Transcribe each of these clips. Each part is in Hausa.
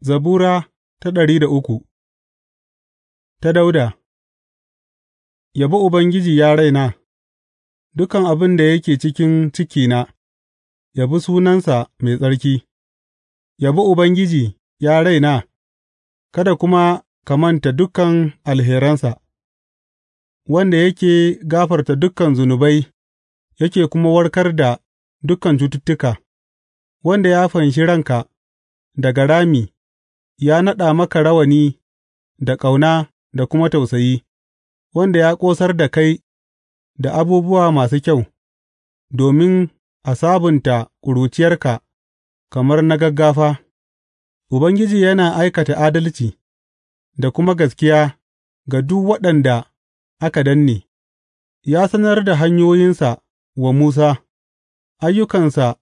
Zabura ta ɗari da uku Ta Dauda Yabi Ubangiji, ya raina, dukan abin da yake cikin cikina, yabi sunansa mai tsarki; yabi Ubangiji, ya raina, kada kuma ka manta dukan alheransa, wanda yake gafarta dukan zunubai yake kuma warkar da dukan cututtuka, wanda ya fanshi ranka daga rami. ya naɗa maka rawani da ƙauna da kuma tausayi, wanda ya ƙosar da kai da abubuwa masu kyau, domin a sabunta ƙuruciyarka kamar na gaggafa, Ubangiji yana aikata adalci da kuma gaskiya ga duk waɗanda aka danne, ya sanar da hanyoyinsa wa Musa, ayyukansa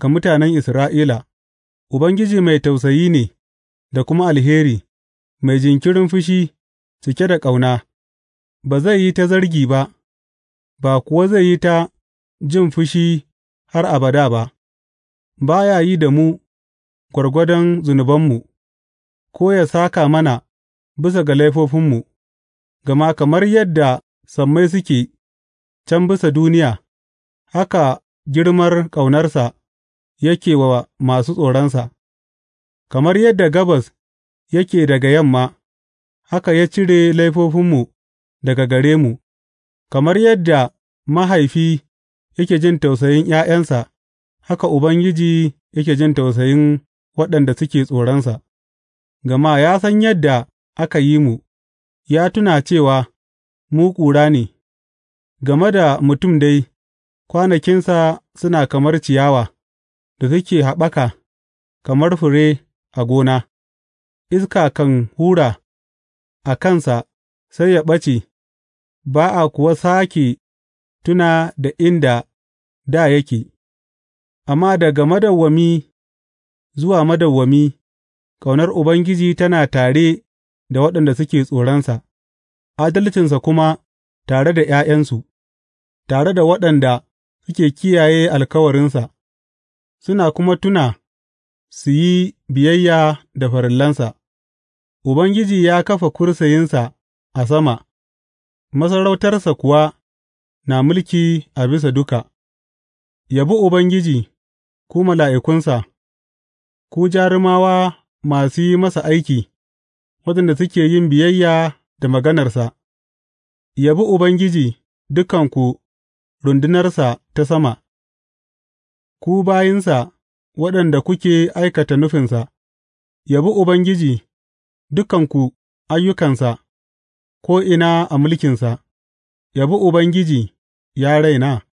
ga mutanen Isra'ila, Ubangiji mai tausayi ne. da kuma alheri, mai jinkirin fushi, cike da ƙauna, ba zai yi ta zargi ba, ba kuwa zai yi ta jin fushi har abada ba, ba ya yi da mu gwargwadon zunubanmu, ko ya saka mana bisa ga laifofinmu, gama kamar yadda sammai suke can bisa duniya, haka girmar ƙaunarsa yake wa masu tsoronsa. Kamar yadda gabas yake daga yamma, haka ya cire laifofinmu daga gare mu; kamar yadda mahaifi yake jin tausayin ’ya'yansa, haka Ubangiji yake jin tausayin waɗanda suke tsoronsa, gama ya san yadda aka yi mu, ya tuna cewa mu ƙura ne; game da mutum dai, kwanakinsa suna kamar ciyawa da suke haɓaka, kamar fure. a gona, iska kan hura a kansa sai ya ɓace, ba a kuwa sake tuna da inda da yake, amma daga madawwami zuwa madawwami, ƙaunar Ubangiji tana tare da waɗanda suke tsoronsa, adalcinsa kuma tare da ’ya'yansu, tare da waɗanda suke kiyaye alkawarinsa, suna kuma tuna su yi biyayya da farillansa; Ubangiji ya kafa kursiyinsa a sama, masarautarsa kuwa na mulki a bisa duka; yabi Ubangiji, ku mala'ikunsa, ku jarumawa masu yi masa aiki, waɗanda suke yin biyayya da maganarsa; yabi Ubangiji, dukanku rundunarsa ta sama, ku bayinsa. waɗanda kuke aikata nufinsa, yabi Ubangiji, dukanku ayyukansa, ko'ina a mulkinsa, yabi Ubangiji, ya raina.